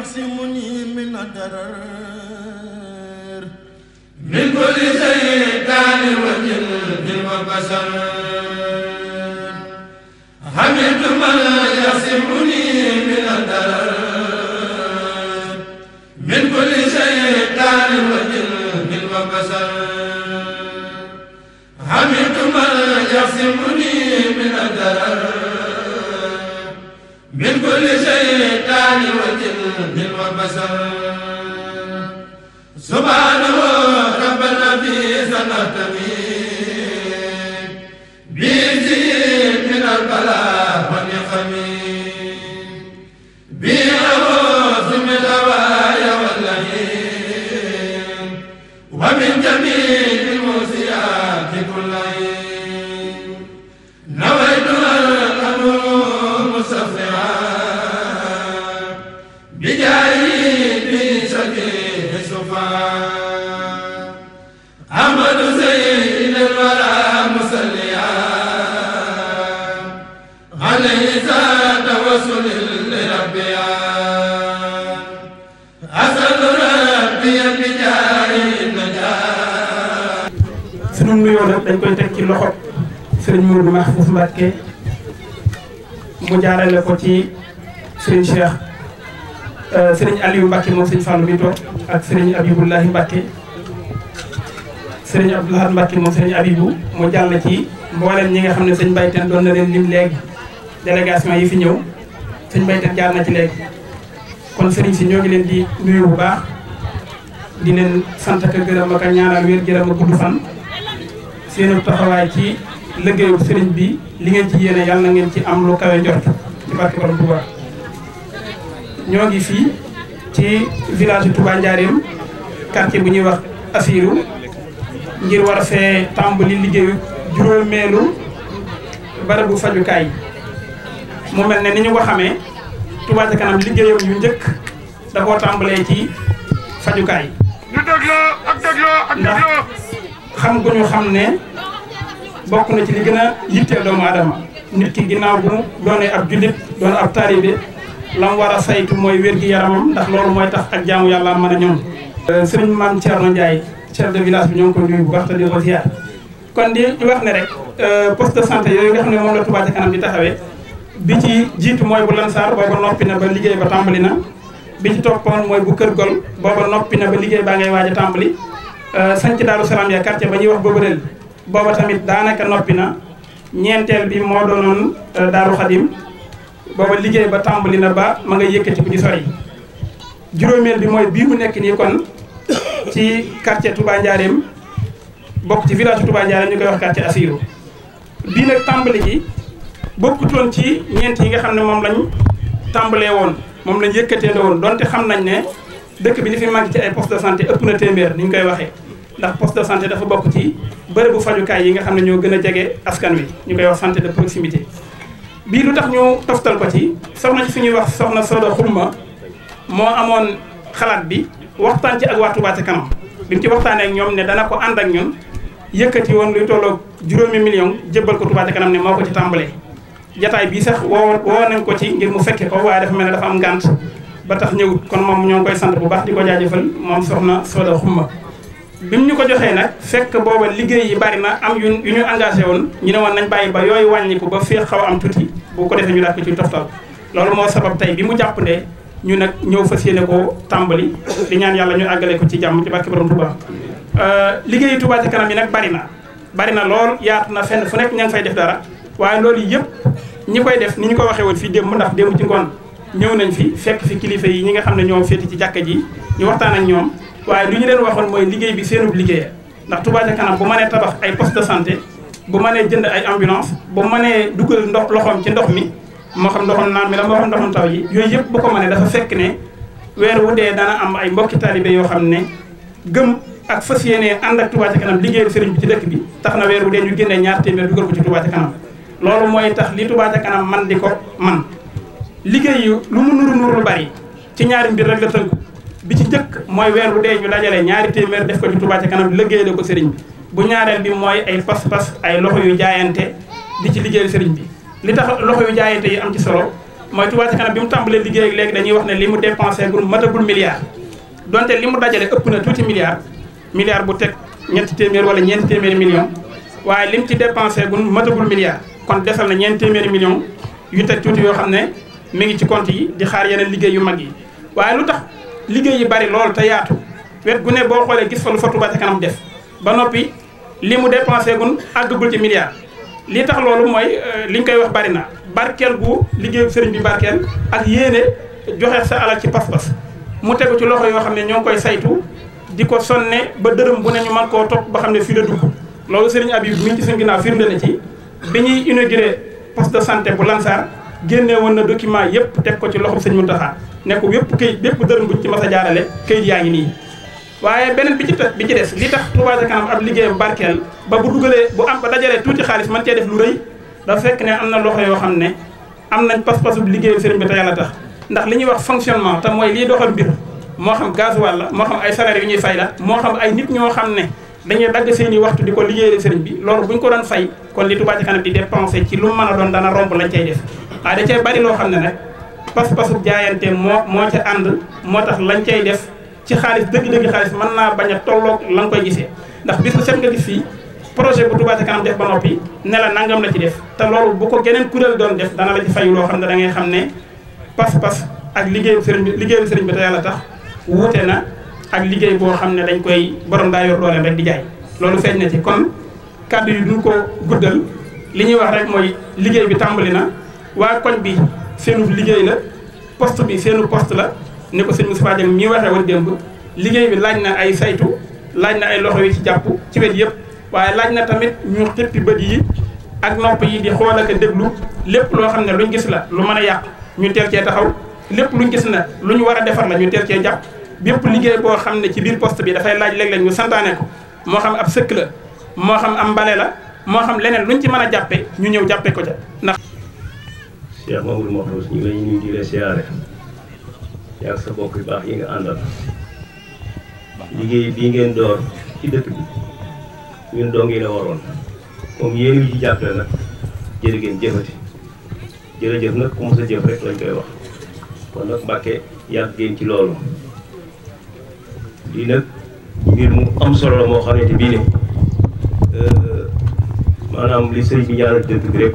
يحسمني من الضرر من كل شيطان وجن وبشر حمدت من يحسمني من الضرر من كل شيطان وجن وبشر حمدت من يحسمني من الضرر الجلال والجد والبصر nuyoo dañ koy teg ci loxo sëriñ Mourou Mahfouz Mbacké mu jaarale ko ci sëriñ Cheikh euh, sëriñ Aliou Mbacké moom sëriñ Fallou bi toog ak sëriñ Abibullahi Mbacké sëriñ moom sëriñ Abibou mu jàll ci mboolem ñi nga xam ne sëñ Bayten doon na leen lim léegi délégation yi fi ñëw sëñ Bayten jaar na ci léegi kon sëriñ si ñoo ngi leen di nuyu bu baax di leen sant ak gërëm ak ñaanal wér gërëm ak gudd fan seenu taxawaay ci liggéeyu sëriñ bi li ngeen ci yéene yàlla na ci am lu kawe njort ci barke borom Touba ñoo ngi fii ci village Touba Ndiarème quartier bu ñuy wax Assirou ngir war a fee tàmbali liggéeyu juróomeelu barabu fajukaay mu mel ne ni ñu ko xamee Touba ca liggéeyam yu njëkk da koo ci fajukaay. ñu dégloo ak dégloo ak dégloo. xam gu ñu xam ne bokk na ci li gën a yitteel doomu aadama nit ki ginnaaw bu doonee ab jullit doon ab taalibe lam war a saytu mooy wér-gi-yaramam ndax loolu mooy tax ak jaamu yàlla mën a ñoom euh, sëriñ maam Thierno Ndiaye chef de village bi ñoo ngi ko nuyu bu baax te di ko ziar kon di wax ne rek euh, poste de santé yooyu nga xam ne moom la Touba ca kanam di taxawee bi ci jiitu mooy bu Lansar booba noppi na ba liggéey ba tàmbali na bi ci toppoon mooy bu Kër Gol booba noppi na ba liggéey baa ngay waaj a tàmbali Euh, sanc daaru salaam ya quartier ba ñuy wax Boborel booba tamit daanaka noppi na ñeenteel bi moo doonoon euh, daaru xadim booba liggéey ba tàmbali na ba ma nga yëkkati bu ñu sori juróomeel bi mooy bii mu nekk nii kon ci quartier Touba bokk ci village Touba Ndiarème ñu koy wax quartier Assirou bii nag tàmbali gi bokkutoon ci ñeent yi nga xam ne moom lañ tàmbalee woon moom lañ yëkkatee woon donte xam nañ ne dëkk bi li fi manqué ci ay poste de santé ëpp na téeméer ni ñu koy waxee ndax poste de santé dafa bokk ci bërëbu fajukaay yi nga xam ne ñoo gën a jege askan wi ñu koy wax santé de proximité bii lu tax ñu toftal ko ci soxna ci suñuy wax soxna Soda Xumma moo amoon xalaat bi waxtaan ci ak waa Touba ca kanam bi mu ci waxtaanee ak ñoom ne dana ko ànd ak ñun yëkkati woon luy tolloog juróomi million jébbal ko Touba kanam ne moo ko ci tàmbalee jataay bii sax woo woo nañ ko ci ngir mu fekke ko waaye dafa mel ne dafa am ngànt ba tax ñëwut kon moom ñoo ngi koy sant bu baax di ko jaajëfal moom soxna Soda Xumba bi mu ñu ko joxee nag fekk booba liggéey yi bari na am yu ñu engagé woon ñu ne wan nañ bàyyi ba yooyu wàññiku ba fii xaw a am tuuti bu ko defee ñu daal ko ci toftal loolu moo sabab tey bi mu jàpp jàppandee ñu nag ñëw fas yéene ko tàmbali di ñaan yàlla ñu àggale ko ci jàmm ci barke borom Touba euh, liggéeyu Touba ci kanam yi nag bari na bari na lool yaatu na fenn fu nekk ña ngi fay def dara waaye loolu yëpp ñi koy ni ñu ko waxee woon fii démb ndax démb ci ngoon ñëw nañ fi fekk fi kilifa yi ñi nga xam ne ñoom féeti ci jàkka ji ñu waxtaan ak ñoom waaye lu ñu leen waxoon mooy liggéey bi seenub liggéey ndax Touba ca kanam bu mënee tabax ay poste de santé bu mënee jënd ay ambulance bu mënee dugal ndox loxoom ci ndox mi moo xam ndoxum naan mi la moo xam ndoxum taw yi yooyu yëpp bu ko mënee dafa fekk ne weer wu dee dana am ay mbokki taalibe yoo xam ne gëm ak fas yéene ànd ak Touba ca kanam liggéeyal sëriñ bi ci dëkk bi tax na weer wu dee ñu génnee ñaar téeméer dugal ko ci Touba ca kanam loolu mooy tax li Touba a kanam man di ko man liggéey yu lu mu nuru nuru bari ci ñaari mbir rek la tënku bi ci jëkk mooy weer bu dee ñu dajale ñaari téeméer def ko ci Touba ca kanam liggéey la ko sëriñ bi bu ñaareel bi mooy ay pas-pas ay loxo yu jaayante di ci liggéeyal sëriñ bi li tax loxo yu jaayante yi am ci solo mooy Touba kanam bi mu tàmbalee liggéey ak léegi dañuy wax ne li mu dépensé gul matagul milliard donte li mu dajale ëpp na tuuti milliard milliard bu teg ñetti téeméer wala ñeenti téeméeri million waaye lim ci dépensé gul matagul milliard kon desal na ñeenti téeméeri million yu teg tuuti yoo xam ne mi ngi ci compte yi di xaar yeneen liggéey yu mag yi waaye lu tax liggéey yi bari loolu te yaatu wet gu boo xoolee gis fa lu fa Touba ca kanam def ba noppi li mu dépensé gun àggagul ci milliard lii tax loolu mooy euh, liñ koy wax bari na barkeel gu liggéeyu sëriñ bi barkeel ak yéene joxe sa alal ci pas-pas mu tegu ci loxo yoo xam ne ñoo ngi koy saytu di ko sonne ba dërëm bu ne ñu man koo topp ba xam ne fii la dugg loolu sëriñ Abib mi ngi ci seen ginnaaw firnde na ci bi ñuy inauguré poste de santé bu Lansar génne woon na document yëpp teg ko ci loxo sëñ Muntaxa ne ko yëpp këyit bépp dërëm buñ ci mas a jaarale këyit yaa ngi nii waaye beneen bi ci bi ci des li tax Touba ca kanam ab liggéeyam barkeel ba bu dugalee bu am ba dajalee tuuti xaalis man cee def lu rëy dafa fekk ne am na loxo yoo xam ne am nañ pas-pasu liggéeyal sëriñ bi te yàlla tax ndax li ñuy wax fonctionnement te mooy liy doxal mbir moo xam gasoil la moo xam ay salaire yu ñuy fay la moo xam ay nit ñoo xam ne dañuy dagg seen i waxtu di ko liggéeyal sëriñ bi loolu bu ko doon fay kon li Touba ca kanam di dépensé ci lu doon dana romb lañ cay def waaye da cee bari loo xam ne nag pas-pasu jaayante moo moo ca ànd moo tax lañ cay def ci xaalis dëgg-dëgg xaalis mën naa bañ a tolloog la nga koy gisee ndax bis bu set nga gis fii projet bu Touba ca kanam def ba noppi ne la nangam la ci def te loolu bu ko geneen kuréel doon def dana la ci fayu loo xam ne da ngay xam ne pas-pas ak liggéeyu sëriñ bi liggéeyu sëriñ bi te yàlla tax wuute na ak liggéey boo xam ne dañ koy borom daa yor dooleem rek di jaay loolu feeñ kàddu yi duñ ko guddal li ñuy wax rek mooy liggéey bi tàmbali na waa koñ bi seenu liggéey la poste bi seenu poste la ni ko sëñ Moustapha Diagne mi waxee woon démb liggéey bi laaj na ay saytu laaj na ay loxo yi ci jàpp ci wet yëpp waaye laaj na tamit ñu xippi bët yi ak nopp yi di xool ak déglu lépp loo xam ne luñ gis la lu mën a yàq ñu teel cee taxaw lépp luñ gis na lu ñu war a defar la ñu teel cee jàpp bépp liggéey boo xam ne ci biir post bi dafay laaj léeg-léeg ñu santaane ko moo xam ab sëkk la moo xam am la moo xam leneen luñ ci mën a jàppe ñu ñëw jàppe ko ca ndax Cheikh Mamadou Makhrouss ñu ngi lay nuyu di leen siyaare yaa sa bokk yu baax yi nga àndal liggéey bii ngeen door ci dëkk bi ñun doo ngi ne waroon moom yéen yi ci jàppale nag jërë ngeen jëfati jërëjëf nag ku mos a jëf rek lañ koy wax kon nag Mbàkke yàgg ci loolu lii nag mbir mu am solo la moo xamante bii ne euh, maanaam li sëriñ bi ñaanal dëkk bi rek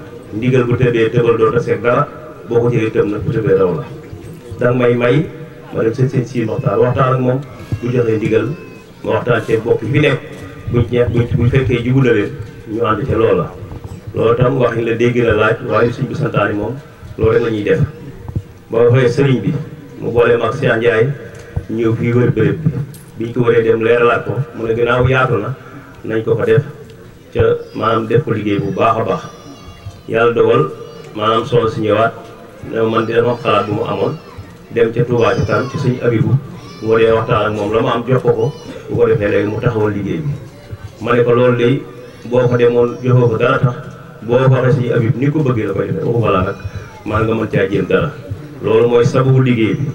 ndigal bu tëbee tëbal doo taseeg dara boo ko jëlee tëb nag bu tëbee raw la danga may may ma dem seen seen sii waxtaan waxtaan ak moom bu joxee ndigal ma waxtaan cee bokk fi nekk buñ ñeex buñ fekkee jubu na leen ñu ànd ca loola loolu tam wax ni la dégg na laaj waaye suñ bi santaani moom loolu rek la ñuy def ba waxee sëriñ bi mu boole mag Cheikh Ndiaye ñëw fii wër béréb bi biñ ko waree dem leeralaat ko mu ne gannaaw yaatu na nañ ko fa def ca maanaam def liggéey bu baax a baax yàlla dogal maanaam soxna si ñëwaat ne man di dama xalaat bu mu amoon dem ca Touba ca kanam ci sëñ Abibu moo dee waxtaan ak moom la mu am jox ko ko bu ko defee léegi mu taxawal liggéey bi ma ne ko loolu léegi boo ko demoon joxoo ko dara tax boo ko waxee sëñ Abib ni ko bëggee la koy defee waxu balaa nag maa nga mën caa jéem dara loolu mooy sababu liggéey bi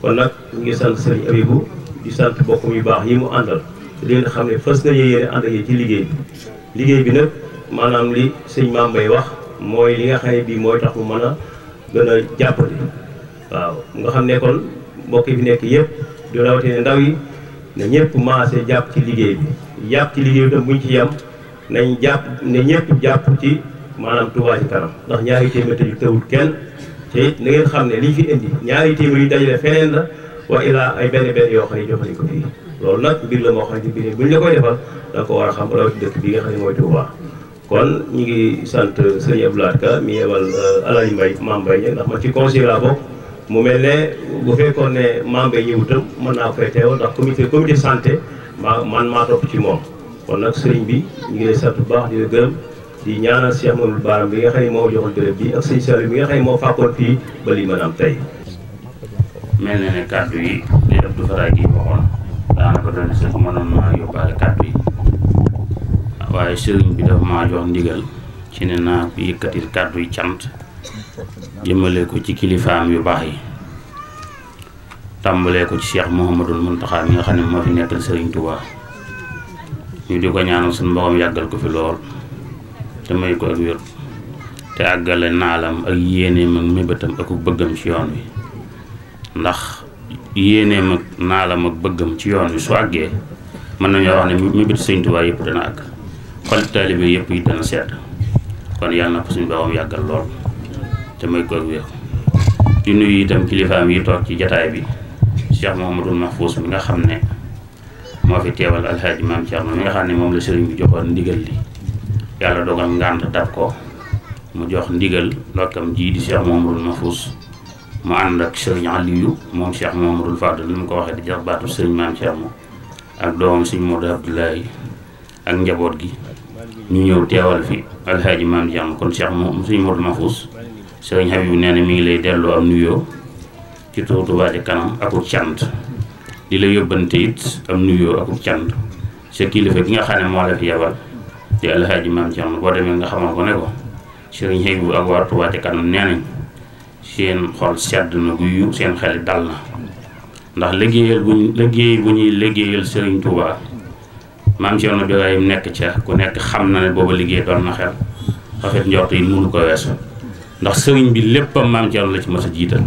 kon nag mu ngi sant sëñ Abibu di sant bokk yu baax yi mu àndal leen xam ne fas na yéene ànd ci liggéey bi liggéey bi wax mooy li nga xam ne bii mooy tax mu mën a gën a jàppale waaw nga xam ne kon mbokk yi fi nekk yëpp du rawatina ndaw yi ne ñëpp maase jàpp ci liggéey bi jàpp ci liggéey bi tam buñ ci yem nañ jàpp ne ñëpp jàpp ci maanaam Touba ci kanam ndax ñaari téeméer tëju tëwul kenn te it na ngeen xam ne liñ fi indi ñaari téeméer yu dajale feneen la wa ilaa ay benn benn yoo xam ne jox ko fii loolu nag mbir la moo xam ne biir buñ la koy defal da nga ko war a xam nga xam ne kon ñu ngi sant sëñ Abdou Lahad Ka mi yebal euh, Alaaji Mbay Maam Mbay ñi ndax ma ci conseil laa bokk mu mel ne bu fekkoon ne Maam Mbay ñëwutam mën naa koy teewal ndax comité comité santé man maa topp ci moom kon nag sëriñ bi ñu ngi lay sant bu baax di la gërëm di ñaanal Cheikh Mamadou Baram bi nga xam ne moo joxoon béréb bi ak sëñ Saliou bi nga xam ne moo fàkkoon fii ba li mën am tey mel na ne kàddu yi li Abdou Fara gi waxoon daanaka doon sax mënoon naa yóbbaale kàddu yi waaye sëriñ bi dafa ma jox ndigal ci ne naa ko yëkkati kàddu yu cant jëmale ko ci kilifaam yu baax yi tàmbalee ko ci Cheikh Mouhamadul Mountakha mi nga xam ne moo fi nekkal sëriñ Touba ñu di ko ñaanal suñu mboxam yàggal ko fi lool te may ko ak wér te àggale naalam ak yéeneem ak mébétam ak bëggam ci yoon wi ndax yéeneem ak naalam ak bëggam ci yoon wi su àggee mën nañoo wax ne mébét sëriñ Touba yëpp dana àgg xol taalibe yëpp yi dana sedd kon yàlla na ko suñu boroom yàggal lool te may ko wér di nuyu itam kilifaam yi toog ci jataay bi Cheikh Mouhamadul Mahfous mi nga xam ne moo fi teewal alxaaji maam Thierno mi nga xam moom la sëriñ bi joxoon ndigal li yàlla mu jox ndigal lokkam ji di Cheikh Mouhamadul Mahfous mu ànd ak sëriñ Aliyu moom Cheikh Mouhamadul Fadl li mu ko waxee di jox baatu sëriñ maam Thierno ak doomam sëriñ Modou Abdoulaye ak njaboot gi ñu ñëw teewal fi alxaaji maam jàng kon Cheikh moom suñu Modou Mahfous sëriñ Habib mi ngi lay delloo am nuyoo ci turu cant li la yóbbante it am nuyoo cant sa kilifa nga xam ne moo la ak waa seen xol sedd na guyu seen xel dal na ndax liggéeyal bu liggéey bu ñuy liggéeyal maam Cerno Birahim nekk ca ku nekk xam na ne booba liggéey doon na xel rafet njort yi mënu ko weesu ndax sëriñ bi léppam maam Cerno la ci ma a jiital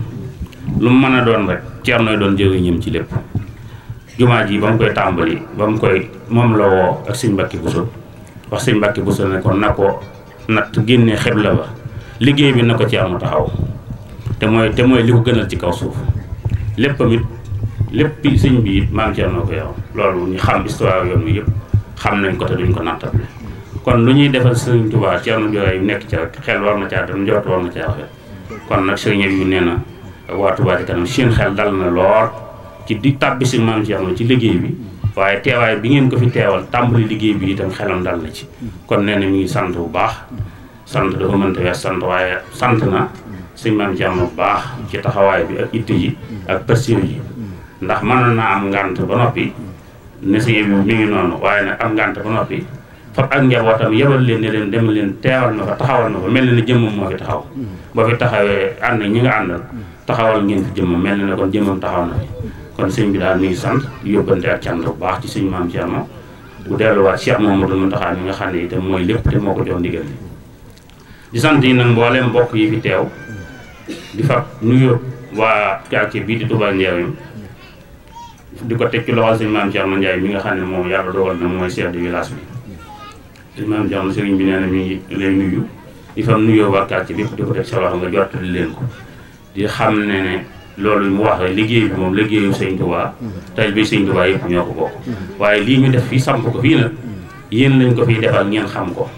lu mu mën a doon rek Cernoy doon jëriñam ci lépp jumaa ji ba mu koy tàmbali ba mu koy moom la woo ak sëñ Mbàkke Buso wax sëñ Mbàkke Buso ne ko na ko natt génne xebla ba liggéey bi na ko Cerno taxaw te mooy te mooy li ko gënal ci kaw suuf léppam it lépp sëñ bi it maam Thierno ko yow loolu ñu xam histoire yoon wi yëpp xam nañ ko te duñ ko nattable kon lu ñuy defal sëñ Tuubaa Thierno Birahim ci rek xel war na caa dem njort war na caa rafet nee na waa Tuubaa ci kanam seen dal na lool ci di tàbbi si maam Thierno ci liggéey bi waaye teewaay bi ngeen ko fi teewal tàmbali liggéey bi itam xelam dal na ci kon nee na mi sant bu baax sant dafa mënta wees sant waaye sant na sëñ maam Thierno bu baax ci taxawaay bi ak itte yi ak pastéef yi ndax man naa am ngant ba noppi ne si ngi noonu waaye nag ba noppi fab ak njabootam yebal leen ne leen dem leen teewal na fa taxawal na fa mel na ne jëmmam moo fi taxaw boo fi taxawee ànd ñi nga àndal taxawal ngeen fi jëmmam mel na ne kon jëmmam taxaw na fi kon sëñ bi daal nuy sant yóbbante ak cant bu baax ci suñu maam Thierno bu delluwaat Cheikh Mamadou Mountakha mi nga xam ne itam mooy lépp te moo ko jox ndigal li di sant yi nag mbooleem mbokk yi fi teew di fab nuyoo waa quartier bii di ko teg ci loxo sëñ maam Thierno Ndiaye mi nga xam ne moom yàlla dogal na mooy chef de village bi sëñ maam Thierno sëriñ bi nee na mi ngi lay nuyu di fam nuyoo waa quartier bi di ko teg sa loxo nga jottali leen ko di xam ne ne loolu mu wax liggéey bi moom liggéeyu sëñ Touba tey bi sëñ Touba yëpp ñoo ko bokk waaye lii ñu def fii samp ko fii nag yéen lañ ko fiy defal ngeen xam ko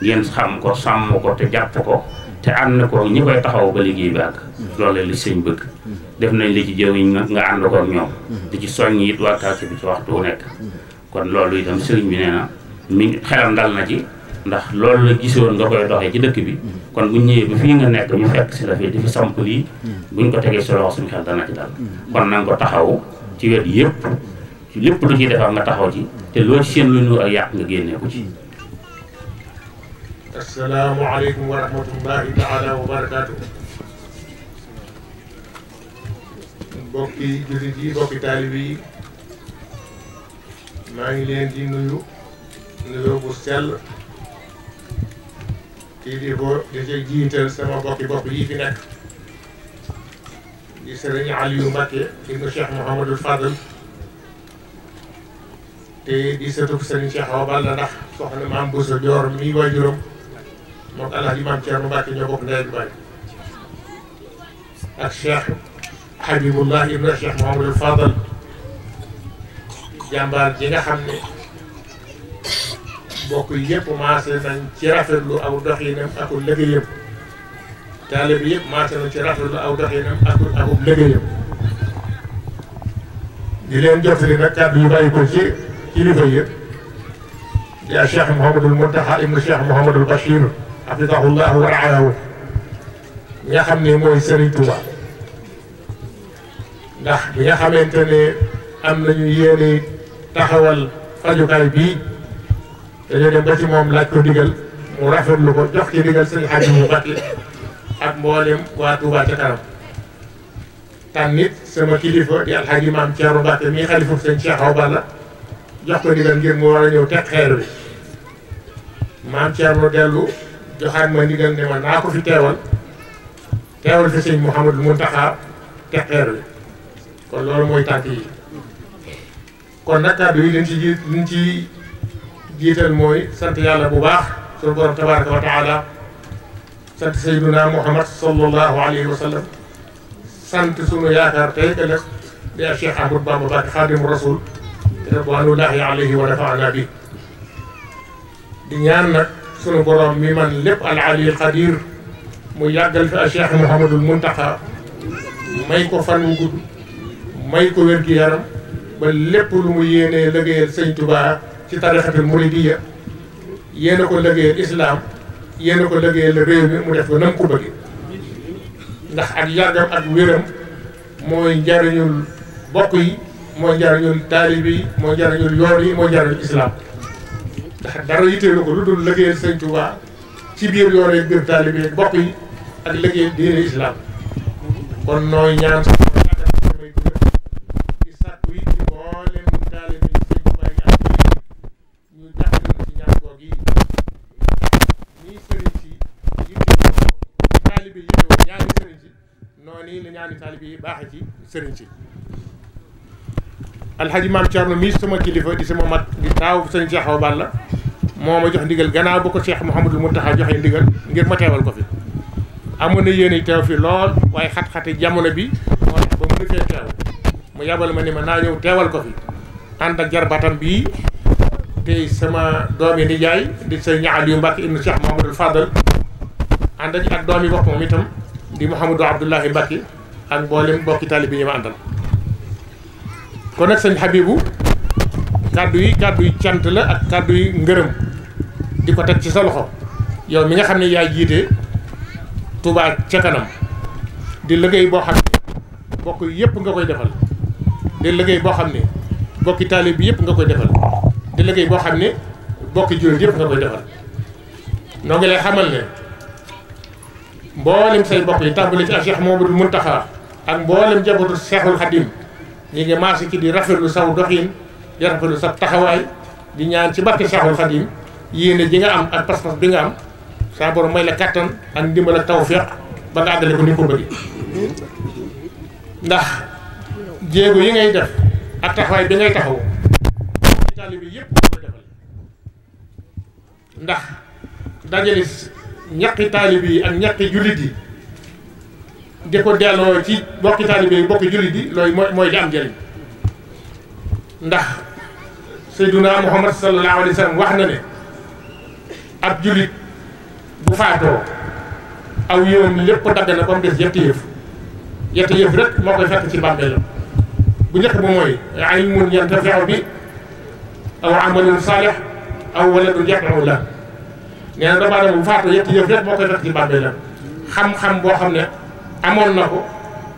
ngeen xam ko sàmm ko te jàpp ko te ànd na ko ñi koy taxaw ba liggéey bi àgg loolu li sëñ bëgg def nañ li ci jëwiñ nag nga ànd ko ak ñoom di ci soññ it waa quartier bi ci waxtu wu nekk kon loolu itam sëriñ bi nee mi xelam dal na ci ndax loolu la gisoon nga koy doxee ci dëkk bi kon bu ñëwee ba fii nga nekk ñu fekk si la fii di fi samp lii buñ ko tegee si loxo suñu xel dana ci dal kon na ko taxaw ci wet yëpp lépp du ciy defar nga taxaw ci te loo ci seen lu ñu ak yàq nga génneeku ci asalaamualeykum wa rahmatullahi taala wa barakaatu. bokki jullit yi bokki taalib yi maa ngi leen di nuyu nuyoo bu sell kii di ko di ci jiital sama bokki bopp yi fi nekk di sëriñ Aliou Mbacké ibnu Cheikh Mouhamadul Fadal te di sëtub sëriñ Cheikh Awa Balla ndax soxna maam Bousso Dior mii waajuram moom alaaji maam Thierno Mbacke ñoo bokk ndey ak baay ak Cheikh Habibullah ibn Cheikh Mahamadou Fadal jàmbaar ji nga xam ne bokk yëpp maase nañ ci rafetlu aw doxinam ak liggéeyam taalibe bi yëpp maase nañ ci rafetlu aw doxinam ak ak liggéeyam di leen jotali nag kàddu yu bàyyi afidahu llahu wal alawi mi nga xam ne mooy Serigne Touba ndax bi nga xamante ne am nañu yéene taxawal fajukaay bii dañoo dem ba ci moom laaj ko digal mu rafetlu ko jox ci digal sëñ xarit mu batti ak mboolem waa Touba ca kanam tan nit sama kilifa di alxaaji maam Thierno Mbacke mii xalifu sëñ Cheikh Awa Balla jox ko digal ngir mu war a ñëw teg xeer bi maam Thierno dellu joxaat ma ndigal ne ma naa ko fi teewal teewal fi sëñ Mouhamadou Mountakha te xeer wi kon loolu mooy tànk yi kon nag kàddu yi liñ ci ji liñ ci jiital mooy sant yàlla bu baax suñu borom tabaraka wa taala sant sayyiduna Muhammad sallallahu alayhi sant sunu yaakaar tey que nag di ak Cheikh Ahmadou Bamba Mbacké Khadimu Rasul radwanullahi alayhi wa nafaana bi di ñaan nag sunu borom mi man lépp al ali qadir mu yàggal fi a cheikh mouhamadul muntaxa may ko fan wu may ko wér gi yaram ba lépp lu mu yéenee lëggéeyal sëñ tubaa ci tarixatul muridiyya yéene ko lëggéeyal islaam yéene ko lëggéeyal réew mi mu def ko nam ko bëgge ndax ak yàggam ak wéram mooy njariñul bokk yi mooy njariñul taalib yi mooy njariñul yoon yi mooy njariñul islaam ndax dara yitteelu ko lu dul liggéeyal sëñ Touba ci biir yooree biir taalibe yi bopp yi ak liggéeyal diine islam kon nooy ñaan sa may ko ci sàkku ci mbooleem taalibe yi sëñ Touba yi ci ñaan la ñaani taalibe yi baax ci sëriñ si alxaji maam Thierno mii sama kilifa di sama mat di taaw sëñ Cheikh Awa Balla moo ma jox ndigal gannaaw bu ko seex Cheikh Mouhamadul Mountakha joxee ndigal ngir ma teewal ko fi amoon na yéen teew fi lool waaye xat-xati jamono bi moo mu defee yabal ma ni ma naa ñëw teewal ko fi ànd ak jarbatam bii tey sama doom yi nijaay di sëñ Aliou Mbacke ibnu Cheikh Mouhamadul Fadal ànd ak doom yi boppam itam di Mouhamadou Abdoulahi Mbacke ak mboolem bokki tali bi ñu ma àndal kon nag sëñ Habibou kàddu yi kàddu yi cant la ak kàddu yi ngërëm. di ko teg ci sa loxo yow mi nga xam ne yaay jiite Touba ca kanam di liggéey boo xam ne yëpp nga koy defal di liggéey boo xam ne bokki taalib bi yëpp nga koy defal di liggéey boo xam ne bokki jullit yëpp nga koy defal noo ngi lay xamal ne mboolem say bokk yi tàmbali ci ak Cheikh Mouhamadou Mountakha ak mboolem jabootu Cheikhul Khadim ñi ngi maase ci di rafetlu saw doxin di rafetlu sa taxawaay di ñaan ci barke Cheikhul Khadim yéene ji nga am ak pas bi nga am saa mooy la kàttan ak ndimbal ak tawfeex ba nga àggale ko ni ko bëgg ndax jéego yi ngay def ak taxawaay bi ngay taxaw ci taalibe bi yëpp ko defal ndax dajale ñaqi taalibe yi ak ñaqi jullit yi di ko delloo ci bokki taalibe yi bokki jullit yi looy mooy mooy di am njëriñ ndax Seyduna Muhammad sallallahu alayhi wax na ne ab jullit bu faatoo aw yoon lépp dagg na ba mu des yetti yëf yetti yëf rek moo koy fekk ci bàmmeelam bu njëkk bu mooy ilmun yantafiu bi aw amalun aw waladun yad'u bu faatoo yetti yëf rek moo boo xam ne amoon na ko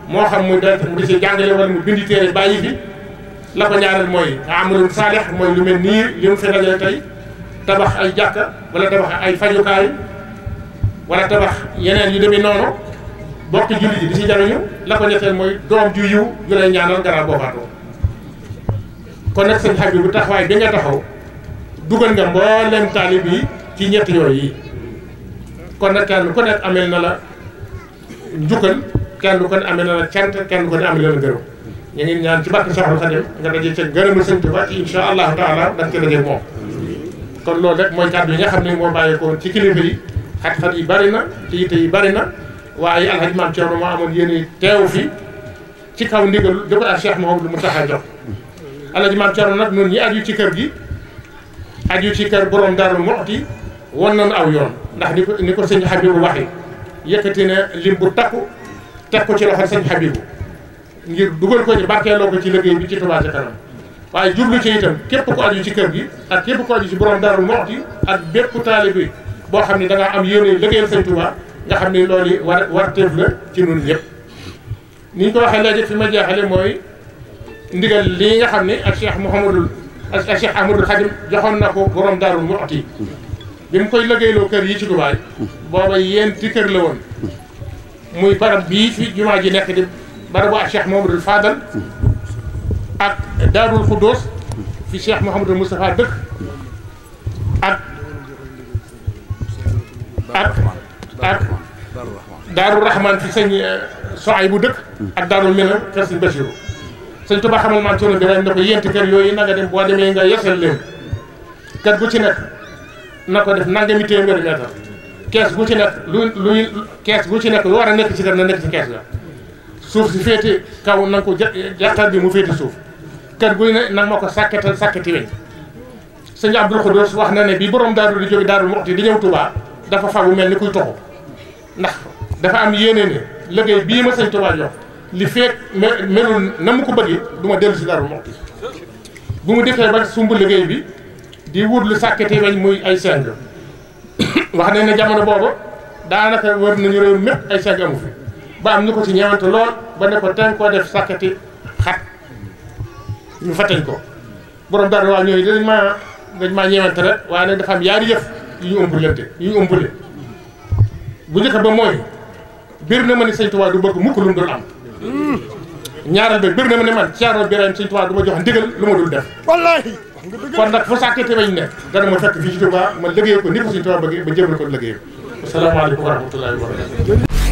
moo xam muy def mu di si jàngale wala mu bindi téere bàyyi fi la ko ñaareel mooy amalun saalix mooy lu mel nii li mu fi tabax ay jàkka wala tabax ay fajukaay wala tabax yeneen yu demee noonu bokk jullit yi di si jariñu la ko ñetteel mooy doom ju yiw ju lay ñaanal garab boo kon nag sëñ Habib bu taxawaay bi nga taxaw dugal nga mbooleem taalib yi ci ñetti yooyu yi kon nag kenn ku nekk amel na la njukkal kenn ku ne amel na la cant kenn ku ne amel na la ngërëm ñu ngi ñaan ci barke Seexul Xadim nga daje ca mu sëñ Tuubaa ci incha allahu taala da nga ci kon loolu rek mooy kàddu yi nga xam ne moo bàyyeekoon ci kilifa yi xat-xat yi bari na ci yitte yi bari na waaye alxaj maam Thierno moo amoon yéen teew fi ci kaw ndigal di ko ak Cheikh Mouhamadou Mountakha jox alxaj maam Thierno nag ñi aju ci kër gi aju ci kër borom Darou Mouhty wan nañu aw yoon ndax ni ko ni ko sëñ Habibou waxee yëkkati ne lim bu takku teg ko ci loxo sëñ Habibou ngir dugal ko ci barkeeloo ko ci liggéey bi ci Touba ca kanam waaye jublu ci itam képp ko aju ci kër gi ak képp ko aju ci borom Daaru Muxti ak bépp taalibe boo xam ne da ngaa am yéene liggéeyal Sëñ Tuubaa nga xam ne loolu war warteef la ci nun yëpp ni ñu ko waxee léegi fi ma jeexale mooy ndigal lii nga xam ne ak Cheikh Mouhamadul ak Cheikh Ahmadul Khadim joxoon na ko borom Daaru Muxti bi mu koy liggéeyloo kër yi ci Tuubaa booba yéenti kër la woon muy barab bii fi jumaa ji nekk di barabu ak Cheikh Mouhamadul Fadal ak daarul xuddoos fi cheikh mouhamadul moustapha dëkk ak ak ak daarul rahman fi sëñ euh, soay bu dëkk ak daarul minan kër si Basiru sëñ Tuubaa xamal maam Cerno Birahim ne ko yenti kër yooyu na nga dem boo demee nga yesal leen kër gu ci nekk na ko def nangami téeméeri meetar ci nekk lu luy ci nekk lu nekk ci kër na nekk ci kees ga suuf si féete kaw na nga ko jàttal bi mu féete suuf kër guy ne nag ma ko sàkketal sàkketi weñ sëñ Abdou Khoudous wax na ne bi borom daaru di jóge daaru Muxti di ñëw Touba dafa fagu mel ni kuy toxu ndax dafa am yéene ne liggéey bii ma sëñ Touba jox li feek melul na mu ko bëggee du ma dellu si daaru Muxti bu mu defee ba sumb liggéey bi di wut lu sàkketi weñ muy ay seng wax nañ ne jamono boobu daanaka wër nañu réew mépp ay seng amu fi ba am ñu ko ci ñeewante lool ba ne ko teg koo def sàkketi ñu fateñ ko boroom daal waa ñooyu dinañ maa dañ maa ñeewante rek waaye nag dafa am yaari yëf yu ñu ëmbalante yu ñu ëmbale bu njëkk ba mooy biir na ma ne sëñ mukk lu mu doon am ñaareel ba biir na ma ne man Ceerno Birahim sëñ Tuubaa du ma jox ndigal lu ma dul def wallaahi kon nag fu sàkkete bañ ne dana ma fekk fii ci ma liggéey ko ni ko sëñ Tuubaa bëgg ba jébal ko liggéey ko asalaamaaleykum wa rahmatullaahi